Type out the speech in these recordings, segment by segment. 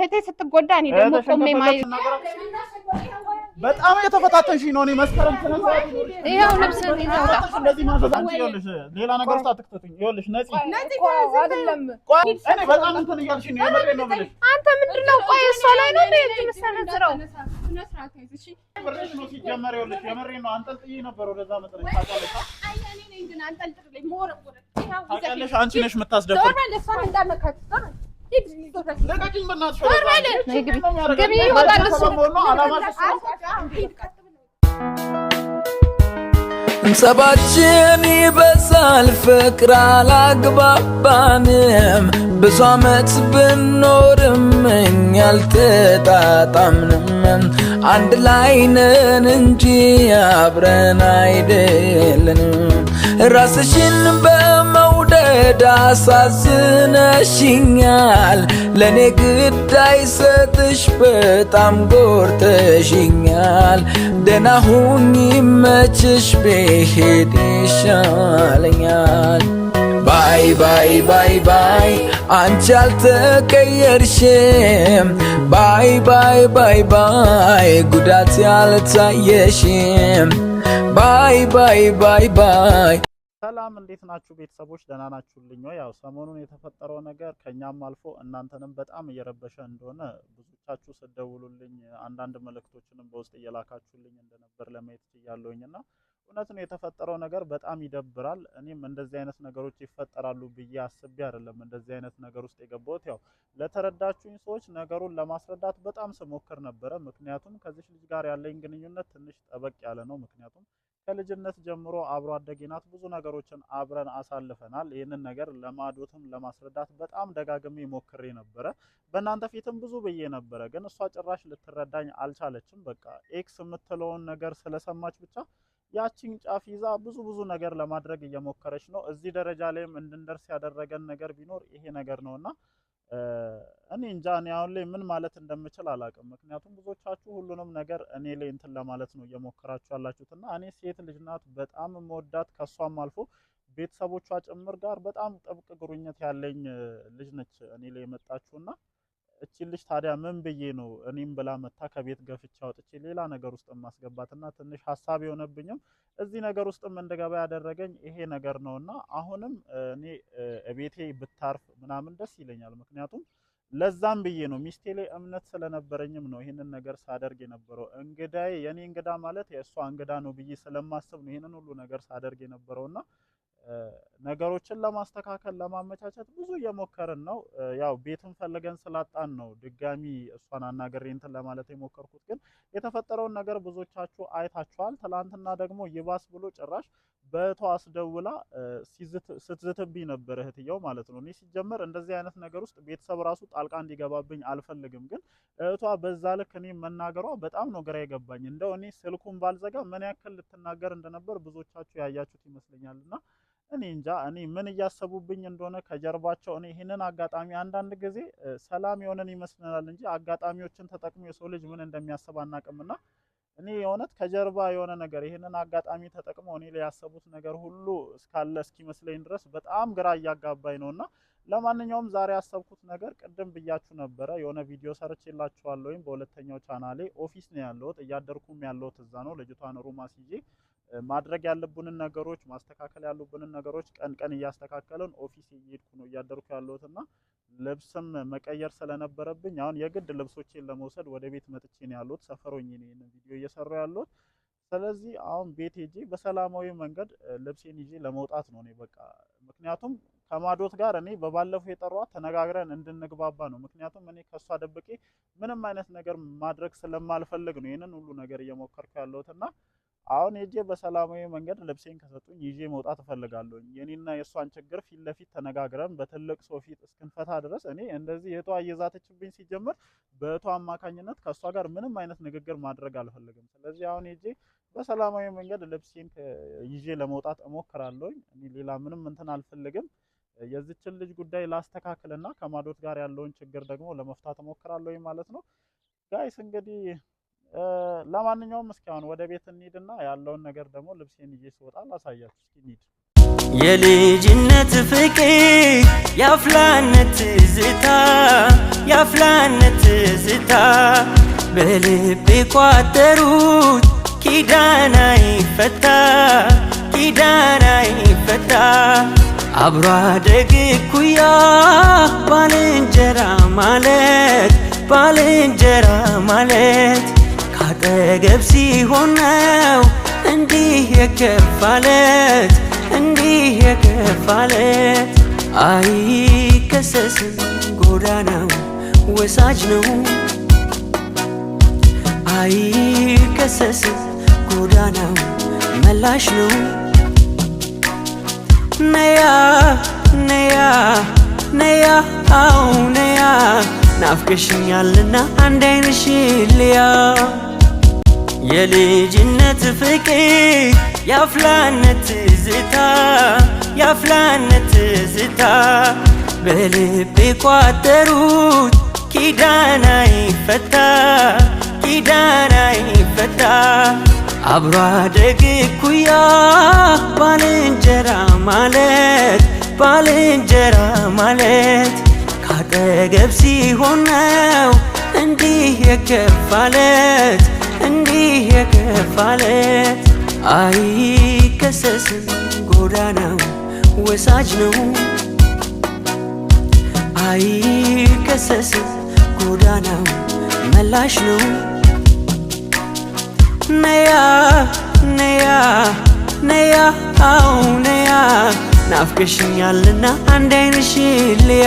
እህቴ ስትጎዳ እኔ ደግሞ ቆሜ ማየት በጣም የተፈታተንሽኝ ነው። እኔ መስከረም ይኸው ልብስ እንደዚህ ማዘዝ ይኸውልሽ፣ ሌላ ነገር ታትክተትኝ ይኸውልሽ፣ ነፂ እኔ በጣም እንትን እያልሽኝ ነው። የምሬን ነው የምልሽ። አንተ ምንድን ነው? ቆይ እሷ ላይ ነው እንደ ብርሽ ነው ሲጀመር፣ ይኸውልሽ የምሬን ነው አንጠልጥዬ ነበር ወደዛ መሰለኝ። ታውቂያለሽ ታውቂያለሽ፣ አንቺ ነሽ የምታስደፍሪው። ጸባችን ይበዛል፣ ፍቅር አላግባባንም ብዙ አመት ብኖርም እኛ አልተጣጣምንም። አንድ ላይ ነን እንጂ አብረን አይደለንም። ራስሽን በመውደድ አሳዝነሽኛል። ለእኔ ግድ አይሰጥሽ በጣም ጎርተሽኛል። ደህና ሁኚ ይመችሽ፣ ብሄድ ይሻለኛል። ባይ ባይ ባይ ባይ አንቺ አልተቀየርሽም ባይ ባይ ባይ ባይ ጉዳት ያልታየሽም ባይ ባይ ባይ ባይ። ሰላም እንዴት ናችሁ ቤተሰቦች? ደህና ናችሁልኝ? ያው ሰሞኑን የተፈጠረው ነገር ከኛም አልፎ እናንተንም በጣም እየረበሸ እንደሆነ ብዙቻችሁ ስደውሉልኝ አንዳንድ መልእክቶችንም በውስጥ እየላካችሁልኝ እንደነበር ለማየት ችያለሁኝ እውነት ነው የተፈጠረው ነገር በጣም ይደብራል። እኔም እንደዚህ አይነት ነገሮች ይፈጠራሉ ብዬ አስቤ አይደለም እንደዚህ አይነት ነገር ውስጥ የገባሁት። ያው ለተረዳችሁኝ ሰዎች ነገሩን ለማስረዳት በጣም ስሞክር ነበረ። ምክንያቱም ከዚች ልጅ ጋር ያለኝ ግንኙነት ትንሽ ጠበቅ ያለ ነው። ምክንያቱም ከልጅነት ጀምሮ አብሮ አደጌ ናት። ብዙ ነገሮችን አብረን አሳልፈናል። ይህንን ነገር ለማዶትም ለማስረዳት በጣም ደጋግሜ ሞክሬ ነበረ። በእናንተ ፊትም ብዙ ብዬ ነበረ፣ ግን እሷ ጭራሽ ልትረዳኝ አልቻለችም። በቃ ኤክስ የምትለውን ነገር ስለሰማች ብቻ ያቺን ጫፍ ይዛ ብዙ ብዙ ነገር ለማድረግ እየሞከረች ነው። እዚህ ደረጃ ላይም እንድንደርስ ያደረገን ነገር ቢኖር ይሄ ነገር ነው እና እኔ እንጃ እኔ አሁን ላይ ምን ማለት እንደምችል አላውቅም። ምክንያቱም ብዙዎቻችሁ ሁሉንም ነገር እኔ ላይ እንትን ለማለት ነው እየሞከራችሁ ያላችሁት እና እኔ ሴት ልጅ ናት በጣም መወዳት ከሷም አልፎ ቤተሰቦቿ ጭምር ጋር በጣም ጥብቅ ግንኙነት ያለኝ ልጅ ነች እኔ ላይ የመጣችሁና እቺ ልጅ ታዲያ ምን ብዬ ነው እኔም ብላ መታ ከቤት ገፍቻ አውጥቼ ሌላ ነገር ውስጥ ማስገባትና ትንሽ ሀሳብ የሆነብኝም እዚህ ነገር ውስጥም እንደገባ ያደረገኝ ይሄ ነገር እና አሁንም እኔ ቤቴ ብታርፍ ምናምን ደስ ይለኛል። ምክንያቱም ለዛም ብዬ ነው ሚስቴ ላይ እምነት ስለነበረኝም ነው ይህንን ነገር ሳደርግ የነበረው። እንግዳዬ የእኔ እንግዳ ማለት የእሷ እንግዳ ነው ብዬ ስለማስብ ነው ይህንን ሁሉ ነገር ሳደርግ የነበረውና ነገሮችን ለማስተካከል ለማመቻቸት ብዙ እየሞከርን ነው። ያው ቤትን ፈልገን ስላጣን ነው ድጋሚ እሷን አናግሬ እንትን ለማለት የሞከርኩት። ግን የተፈጠረውን ነገር ብዙዎቻችሁ አይታችኋል። ትላንትና ደግሞ ይባስ ብሎ ጭራሽ በእቶ አስደውላ ስትዝትብኝ ነበር እህትየው ማለት ነው። እኔ ሲጀመር እንደዚህ አይነት ነገር ውስጥ ቤተሰብ ራሱ ጣልቃ እንዲገባብኝ አልፈልግም። ግን እህቷ በዛ ልክ እኔ መናገሯ በጣም ነው ግራ የገባኝ። እንደው እኔ ስልኩን ባልዘጋ ምን ያክል ልትናገር እንደነበር ብዙዎቻችሁ ያያችሁት ይመስለኛልና እኔ እንጃ እኔ ምን እያሰቡብኝ እንደሆነ ከጀርባቸው። እኔ ይህንን አጋጣሚ አንዳንድ ጊዜ ሰላም የሆነን ይመስለናል እንጂ አጋጣሚዎችን ተጠቅሞ የሰው ልጅ ምን እንደሚያስብ አናቅምና እኔ የእውነት ከጀርባ የሆነ ነገር ይህንን አጋጣሚ ተጠቅመው እኔ ላይ ያሰቡት ነገር ሁሉ እስካለ እስኪመስለኝ ድረስ በጣም ግራ እያጋባኝ ነው። እና ለማንኛውም ዛሬ ያሰብኩት ነገር ቅድም ብያችሁ ነበረ። የሆነ ቪዲዮ ሰርቼላችኋለሁ። ወይም በሁለተኛው ቻናሌ ኦፊስ ነው ያለሁት፣ እያደርኩም ያለሁት እዛ ነው። ልጅቷን ሩማ አስይዤ ማድረግ ያለብንን ነገሮች ማስተካከል ያሉብንን ነገሮች ቀን ቀን እያስተካከልን ኦፊስ እየሄድኩ ነው እያደርኩ ያለሁት እና ልብስም መቀየር ስለነበረብኝ አሁን የግድ ልብሶቼን ለመውሰድ ወደ ቤት መጥቼ ነው ያለሁት። ሰፈሮኝ ይህንን ቪዲዮ እየሰሩ ያለሁት። ስለዚህ አሁን ቤት ሄጄ በሰላማዊ መንገድ ልብሴን ይዤ ለመውጣት ነው እኔ በቃ ምክንያቱም ከማዶት ጋር እኔ በባለፈው የጠሯት ተነጋግረን እንድንግባባ ነው። ምክንያቱም እኔ ከሷ ደብቄ ምንም አይነት ነገር ማድረግ ስለማልፈልግ ነው ይህንን ሁሉ ነገር እየሞከርኩ ያለሁት እና አሁን ሄጄ በሰላማዊ መንገድ ልብሴን ከሰጡኝ ይዤ መውጣት እፈልጋለሁ። የኔና የእሷን ችግር ፊት ለፊት ተነጋግረን በትልቅ ሰው ፊት እስክንፈታ ድረስ እኔ እንደዚህ የቷ እየዛተችብኝ ሲጀምር በቷ አማካኝነት ከእሷ ጋር ምንም አይነት ንግግር ማድረግ አልፈልግም። ስለዚህ አሁን ሄጄ በሰላማዊ መንገድ ልብሴን ይዤ ለመውጣት እሞክራለሁ። እኔ ሌላ ምንም እንትን አልፈልግም። የዚችን ልጅ ጉዳይ ላስተካክልና ከማዶት ጋር ያለውን ችግር ደግሞ ለመፍታት እሞክራለሁ ማለት ነው ጋይስ እንግዲህ ለማንኛውም እስኪ አሁን ወደ ቤት እንሂድና ያለውን ነገር ደግሞ ልብሴን ይዤ ስወጣ ላሳያችሁ። እስኪ እንሂድ። የልጅነት ፍቅር የአፍላነት ትዝታ የአፍላነት ትዝታ በልብ ቋጠሩት ኪዳና ይፈታ ኪዳና ይፈታ አብሮ አደግ ኩያ ባልንጀራ ማለት ባልንጀራ ማለት አጠገብ ሲሆን እንዲህ የከፋለት እንዲህ የከፋለት አይከሰስም ጎዳናው ወሳጅ ነው አይከሰስም ጎዳናው መላሽ ነው ነያ ነያ ነያ አው ነያ ናፍቀሽኛልና አንድ አይንሽ ልያ የልጅነት ፍቅር የአፍላነት ትዝታ የአፍላነት ትዝታ በልቤ ቋጠሩት ኪዳና ይፈታ ኪዳና ይፈታ አብሮ አደግ ኩያ ባልንጀራ ማለት ባልንጀራ ማለት ካጠገብ ሲሆነው ነው እንዲህ የከፋለት እንዲህ የከፋለት አይከሰስም። ጎዳናው ወሳጅ ነው አይከሰስም። ጎዳናው መላሽ ነው። ነያ ነያ ነያ አው ነያ ናፍቀሽኛልና አንድ አይንሽ ልያ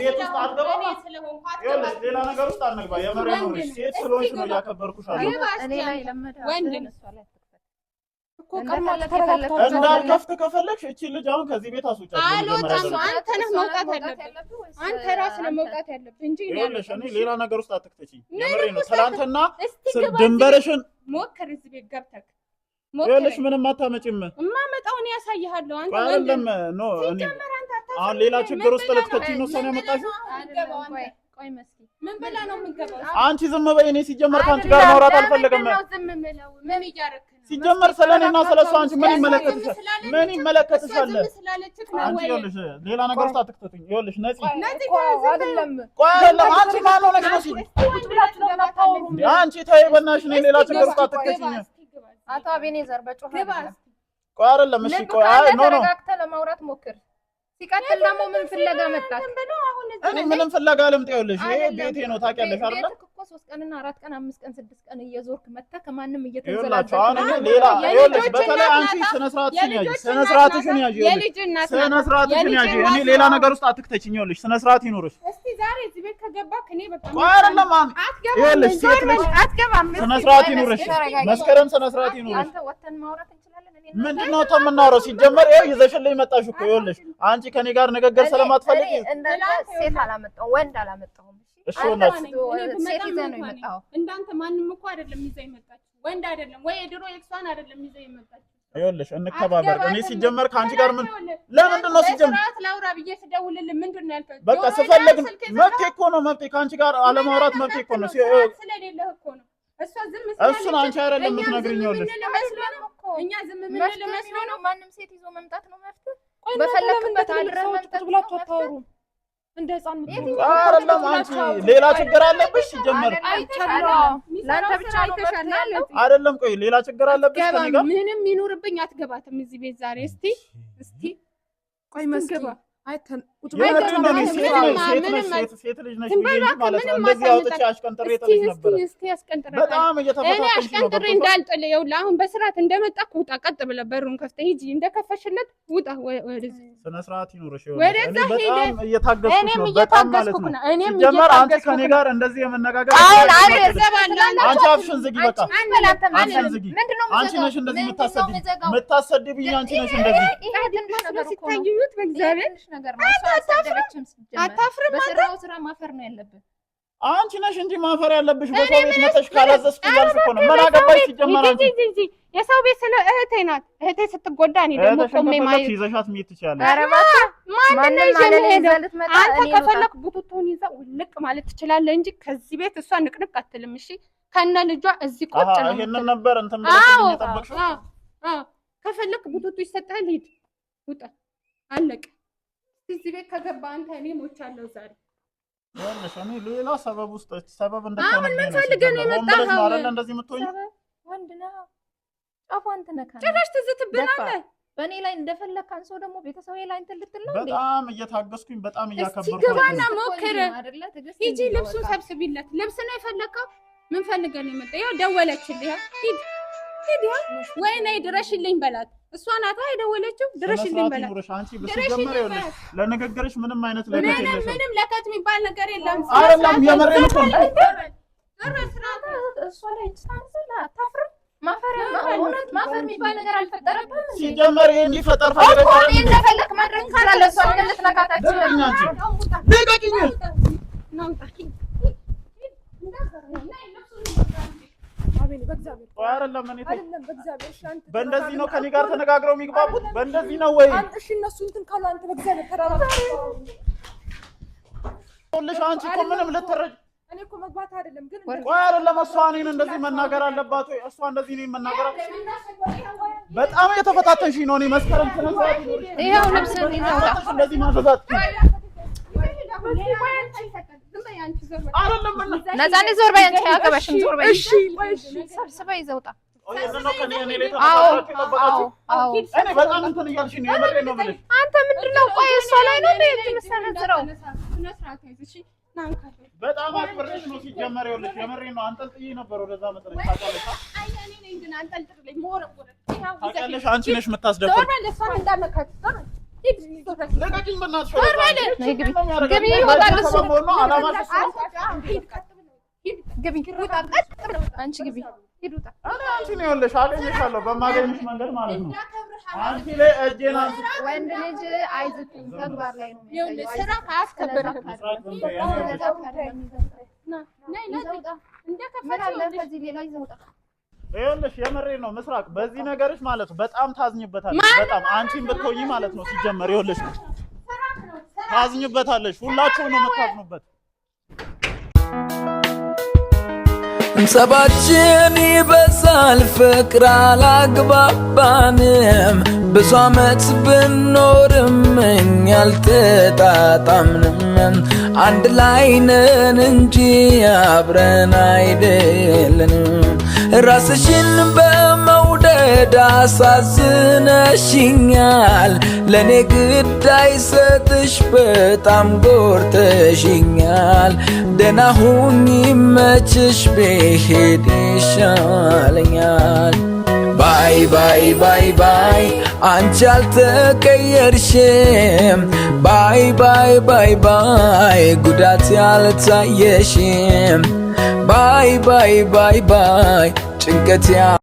ቤት ውስጥ አትገባም። ሌላ ነገር ውስጥ እንዳልከፍት ከፈለግሽ እቺ ልጅ አሁን ከዚህ ቤት አስወጫት። አንተ ነህ መውጣት ያለብህ፣ አንተ ራስህ ነህ መውጣት ያለብህ እንጂ እኔ ሌላ ነገር ውስጥ አትክተቺ። የምሬን ነው። ትናንትና ድንበርሽን ሞክር እዚህ ቤት ገብተህ ይኸውልሽ ምንም አታመጪም። እማመጣው እኔ ያሳይሃለሁ። አንተ አይደለም ኖ አሁን ሌላ ችግር ውስጥ ልትከቺኝ ነው። ሰኔ መጣሽው ምን ብላ ነው የምንገባው? አንቺ ዝም በይ። እኔ ሲጀመር ከአንቺ ጋር ማውራት አልፈለገም። ሲጀመር ስለ እኔና ስለ እሱ አንቺ ምን ይመለከትሻል? ምን ይመለከትሻል? አንቺ ይኸውልሽ ሌላ ነገር ውስጥ አትክተትኝ። ይኸውልሽ ነፂ፣ አንቺ ማን ሆነሽ ነው? አንቺ ተይ በእናትሽ፣ ሌላ ችግር ውስጥ አትክተሽኝ። አቶ አቤኔዘር በጮህ ግባ። ቆይ አይደለም። እሺ፣ ቆይ አይ፣ ኖ ኖ፣ ለማውራት ሞክር ሲቀጥል ደግሞ ምን ፍለጋ መጣት? እኔ ምንም ፍለጋ ልምጥ። ይኸውልሽ ይሄ ቤቴ ነው ታውቂያለሽ አይደል? ቤትህ እኮ ሶስት ቀንና አራት ቀን አምስት ቀን ስድስት ቀን እየዞርክ መጥተህ ከማንም እየተንዘላዘልክ ሌላ። ነገር ውስጥ አትክተችኝ። ይኸውልሽ ስነ ስርዓት ይኖርሽ። ስነ ስርዓት ይኖርሽ። መስከረም ስነ ስርዓት ይኖርሽ። ምንድነው የምናወራው? ሲጀመር ይኸው ይዘሽልኝ መጣሽ እኮ ይኸውልሽ፣ አንቺ ከኔ ጋር ንግግር ስለማትፈልጊ ሴት አላመጣሁም ወንድ አላመጣሁም። እሺ ሴት ይዘህ ነው የመጣኸው። እንዳንተ ማንም እኮ አይደለም ይዘህ የመጣችው ወንድ አይደለም ወይ የድሮ ኤክሷን አይደለም ይዘህ የመጣችው። ይኸውልሽ እንከባበር። እኔ ሲጀመር ከአንቺ ጋር ምን ለምንድን ነው ሲጀመር ላውራ ብዬ ስደውልልህ ምንድን ነው ያልከው? በቃ ስፈልግ መብቴ እኮ ነው መብቴ። ከአንቺ ጋር አለማውራት መብቴ እኮ ነው። ስለሌለህ እኮ ነው እሷ ዝም እሱን አንቺ አይደለም የምትነግሪኝ። ይኸውልሽ እኛ ዝም የምንለው መስሎ ነው። ማንም ሴት ይዞ መምጣት ነው መፍትሄ። በፈለክበት አድረህ መምጣት ብላችሁ አታወሩም። እንደ ህፃን አይደለም። አንቺ ሌላ ችግር አለብሽ። ሲጀመር ለአንተ ብቻ አይተሻል አይደለም። ቆይ ሌላ ችግር አለብሽ። ምንም ይኑርብኝ፣ አትገባትም እዚህ ቤት ዛሬ። እስቲ እስቲ ቆይ መስኪ አሽቀንጥሬ እንዳልጥል ይኸውልህ፣ አሁን በስርዓት እንደመጣ ውጣ፣ ቀጥ ብለህ በሩን ከፍተህ ሂጂ። እንደከፈሽለት ውጣ፣ ወደዛ ሄደ። እኔም እየታገስኩ ነው። እኔም እየታገስኩ ነው። አታፍርም? በሰራው ስራ ማፈር ነው ያለብን። አንቺ ነሽ እንጂ ማፈር ያለብሽ። በሰው ቤት መተሽ ካላዘዝኩ እያልሽ እኮ ነው። ምን አገባሽ? ሲጀመር አንቺ የሰው ቤት ስለ እህቴ ናት። እህቴ ስትጎዳ እኔ ደግሞ ቆሜ ማየት ይዘሻት ምይት ትችላለሽ። ማንን ይዤ የምሄደው? አንተ ከፈለክ ቡቱቱን ይዘው ልቅ ማለት ትችላለህ እንጂ ከዚህ ቤት እሷ ንቅንቅ አትልም። እሺ ከነ ልጇ እዚህ ቁጭ ነው። ይሄንን ነበር እንትን ብለሽ የጠበቅሽው። ከፈለክ ቡቱቱ ይሰጣል። ሂድ፣ ውጣ፣ አለቅ እዚህ ቤት ከገባ አንተ እኔ ሞቻለሁ ዛሬ። ሌላ ሰበብ ውስጥ ሰበብ አሁን ምን ነው እንደዚህ ወንድ ጭራሽ ትዝትብናለህ። በእኔ ላይ እንደፈለግህ ሰው ደግሞ ቤተሰብ ላይ እንትን ልትል ነው። በጣም እየታገስኩኝ፣ በጣም እያከበርኩኝ። ገባና ሞክር። ሂጂ ልብሱን ሰብስቢለት። ልብስ ነው የፈለግከው? ምን ፈልገህ ነው የመጣ? ያው ደወለችልህ። ሂድ ሂድ፣ ነይ ድረሽልኝ በላት እሷ ናታ የደወለችው ድረሽልኝ በላት። ለንግግርሽ ምንም አይነት ምንም ለከት የሚባል ነገር የለም። ማፈር የሚባል ነገር አልፈጠረም። ሲጀመር ይሄን ይፈጠር በእንደዚህ ነው ከኔ ጋር ተነጋግረው የሚግባቡት? በእንደዚህ ነው ወይ? እሺ እነሱ እንትን ካሉ አንተ በእግዚአብሔር ተራራልሽ። አንቺ እኮ ምንም ልትረጅ እኔ እኮ መግባት አይደለም ግን ቆይ፣ አይደለም እሷ እኔን እንደዚህ መናገር አለባት ወይ? እሷ እንደዚህ እኔን መናገር በጣም የተፈታተንሽ ነው። እኔ መስከረም ተነሳት፣ ይሄው ልብስ እንደዚህ ማዘዛት ነፃነት ዞር በይ አንቺ አያገባሽም። ዞር በይ ሰብስበይ ዘውጣ አንተ ምንድን ነው? ቆይ እሷ ላይ ነው የምትሰነዝረው። በጣም አክብሬሽ ነው ሲጀመር፣ ይኸውልሽ የምሬን ነው። አንጠልጥዬ ነበር ወደዛ መሰለኝ። ታውቂያለሽ፣ አንቺ ነሽ የምታስደፍር አንቺ ግቢ አንቺ ነው ያለሽ። አገኘሻለሁ በማገኝሽ መንገድ ማለት ነው። አንቺ ላይ እጄን ወንድ ልጅ አይዝትም ተግባር ላይ ነው ስራ ይኸውልሽ የምሬ ነው ምስራቅ፣ በዚህ ነገርሽ ማለት ነው በጣም ታዝኝበታለሽ። በጣም አንቺን ብትሆኚ ማለት ነው ሲጀመር፣ ይኸውልሽ ታዝኝበታለሽ። ሁላችሁ ነው የምታዝኑበት። ጸባችን ይበዛል ፍቅር አላግባባንም ብዙ አመት ብኖርም እኛ አልተጣጣምንም። አንድ ላይነን እንጂ አብረን አይደለንም ራስሽን በ አሳዝነሽኛል ለእኔ ግዳይ ሰጥሽ በጣም ጎርተሽኛል። ደህና ሁኚ መችሽ ብሄድ ይሻለኛል። ባይ ባይ ባይ ባይ አንቺ አልተቀየርሽም። ባይ ባይ ባይ ባይ ጉዳት ያልታየሽም። ባይ ባይ ባይ ባይ ጭንቀት ያ!